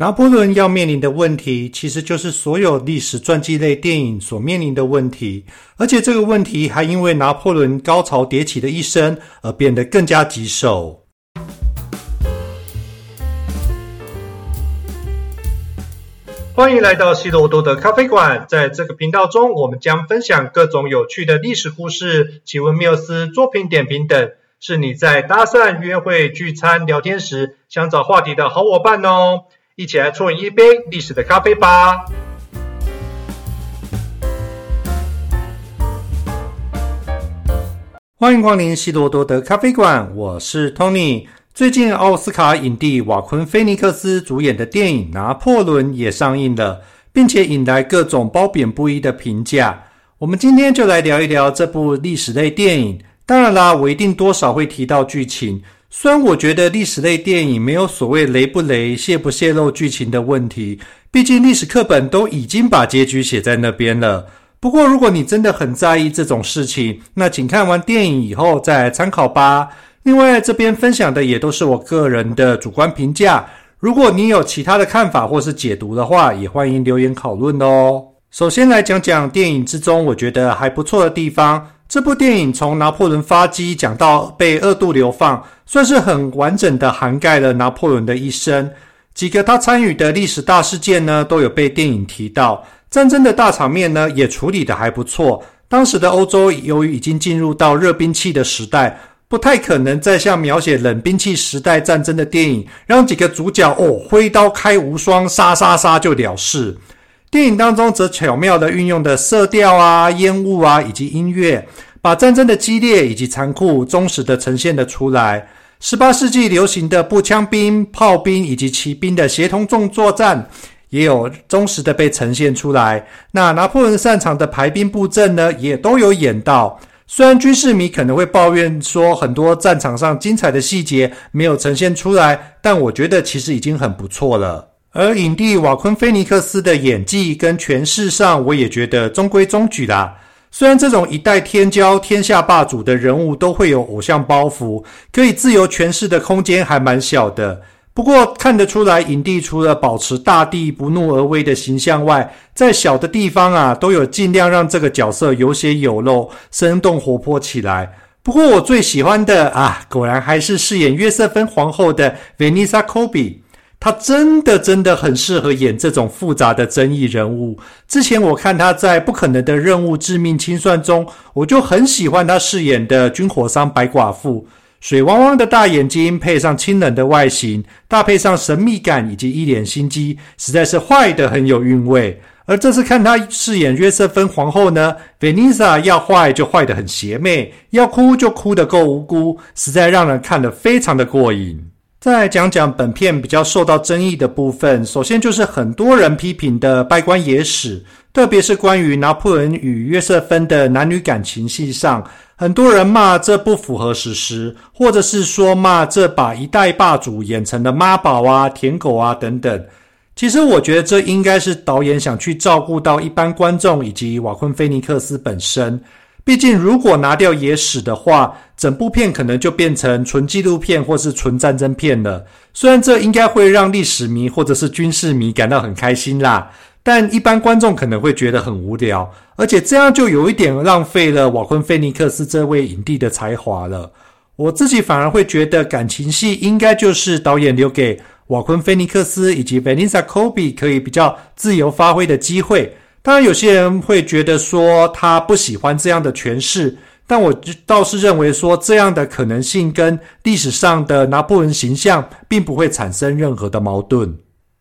拿破崙要面臨的問題，其實就是所有歷史傳記類電影所面臨的問題，而且這個問題還因為拿破崙高潮迭起的一生而變得更加棘手。歡迎來到西羅多的咖啡館，在這個頻道中，我們將分享各種有趣的歷史故事、奇聞妙斯作品點評等，是你在搭訕、約會、聚餐、聊天時想找話題的好夥伴哦。一起來沖一杯歷史的咖啡吧！歡迎光臨希羅多德的咖啡館，我是 Tony。最近奧斯卡影帝瓦昆菲尼克斯主演的電影《拿破崙》也上映了，並且引來各種褒貶不一的評價。我們今天就來聊一聊這部歷史類電影。當然啦，我一定多少會提到劇情。雖然我覺得歷史類電影沒有所謂雷不雷、洩不洩露劇情的問題，畢竟歷史課本都已經把結局寫在那邊了。不過，如果你真的很在意這種事情，那請看完電影以後再來參考吧。另外，這邊分享的也都是我個人的主觀評價。如果你有其他的看法或是解讀的話，也歡迎留言討論哦。首先來講講電影之中我覺得還不錯的地方。這部電影從拿破崙發跡講到被二度流放，算是很完整地涵蓋了拿破崙的一生。幾個他參與的歷史大事件呢，都有被電影提到。戰爭的大場面呢，也處理得還不錯。當時的歐洲由於已經進入到熱兵器的時代，不太可能再像描寫冷兵器時代戰爭的電影，讓幾個主角哦揮刀開無雙，殺殺殺就了事。電影當中則巧妙地運用的色調啊，煙霧啊，以及音樂，把戰爭的激烈以及殘酷忠實的呈現了出來。十八世紀流行的步槍兵、炮兵、以及騎兵的協同重作戰，也有忠實的被呈現出來。那拿破崙擅長的排兵布陣呢，也都有演到。雖然軍事迷可能會抱怨說很多戰場上精彩的細節沒有呈現出來，但我覺得其實已經很不錯了。而影帝瓦昆菲尼克斯的演技跟詮釋上，我也覺得中規中矩啦。雖然這種一代天驕、天下霸主的人物都會有偶像包袱，可以自由詮釋的空間還蠻小的。不過看得出來，影帝除了保持大帝不怒而威的形象外，在小的地方啊，都有盡量讓這個角色有血有肉，生動活潑起來。不過我最喜歡的啊，果然還是飾演約瑟芬皇後的維尼莎科比。他真的真的很適合演這種複雜的爭議人物。之前我看他在《不可能的任務：致命清算》中，我就很喜歡他飾演的軍火商白寡婦，水汪汪的大眼睛配上清冷的外形，搭配上神秘感以及一臉心機，實在是壞得很有韻味。而這次看他飾演約瑟芬皇後呢，Vanessa 要壞就壞得很邪魅，要哭就哭得夠無辜，實在讓人看得非常的過癮。再來講講本片比較受到爭議的部分，首先就是很多人批評的稗官野史，特別是關於拿破崙與約瑟芬的男女感情戲上，很多人罵這不符合史實，或者是說罵這把一代霸主演成了媽寶啊、舔狗啊等等。其實我覺得這應該是導演想去照顧到一般觀眾以及瓦昆·菲尼克斯本身。畢竟，如果拿掉野史的話，整部片可能就變成純紀錄片或是純戰爭片了。雖然這應該會讓歷史迷或者是軍事迷感到很開心啦，但一般觀眾可能會覺得很無聊。而且這樣就有一點浪費了瓦昆菲尼克斯這位影帝的才華了。我自己反而會覺得，感情戲應該就是導演留給瓦昆菲尼克斯以及凡妮莎柯比可以比較自由發揮的機會。當然，有些人會覺得說他不喜歡這樣的詮釋，但我倒是認為說這樣的可能性跟歷史上的拿破崙形象並不會產生任何的矛盾。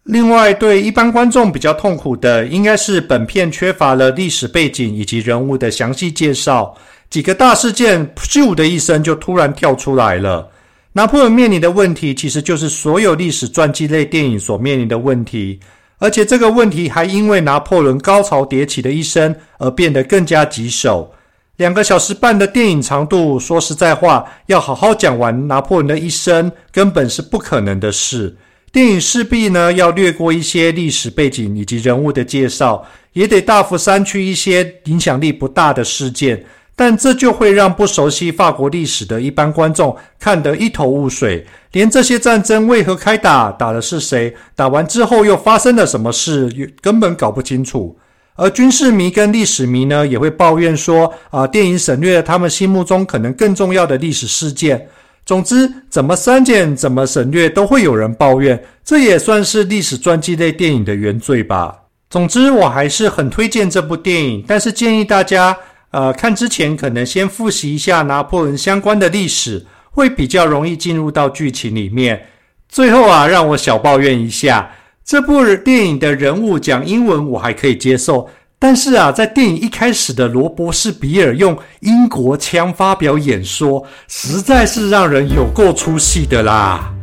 另外，對一般觀眾比較痛苦的，應該是本片缺乏了歷史背景以及人物的詳細介紹。幾個大事件，咻的一聲就突然跳出來了。拿破崙面臨的問題，其實就是所有歷史傳記類電影所面臨的問題。而且這個問題還因為拿破崙高潮迭起的一生而變得更加棘手。兩個小時半的電影長度，說實在話，要好好講完拿破崙的一生，根本是不可能的事。電影勢必呢，要略過一些歷史背景以及人物的介紹，也得大幅刪去一些影響力不大的事件。但這就會讓不熟悉法國歷史的一般觀眾看得一頭霧水，連這些戰爭為何開打、打的是誰、打完之後又發生了什麼事，根本搞不清楚。而軍事迷跟歷史迷呢，也會抱怨說：“啊，電影省略了他們心目中可能更重要的歷史事件。”總之，怎麼刪減、怎麼省略，都會有人抱怨。這也算是歷史傳記類電影的原罪吧。總之，我還是很推薦這部電影，但是建議大家。呃，看之前可能先複習一下拿破崙相關的歷史，會比較容易進入到劇情裡面。最後啊，讓我小抱怨一下，這部電影的人物講英文我還可以接受，但是啊，在電影一開始的羅伯斯比爾用英國腔發表演說，實在是讓人有夠出戲的啦！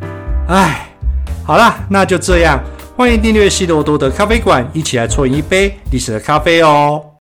唉，好啦，那就這樣，歡迎訂閱希羅多德咖啡館，一起來沖一杯歷史的咖啡哦。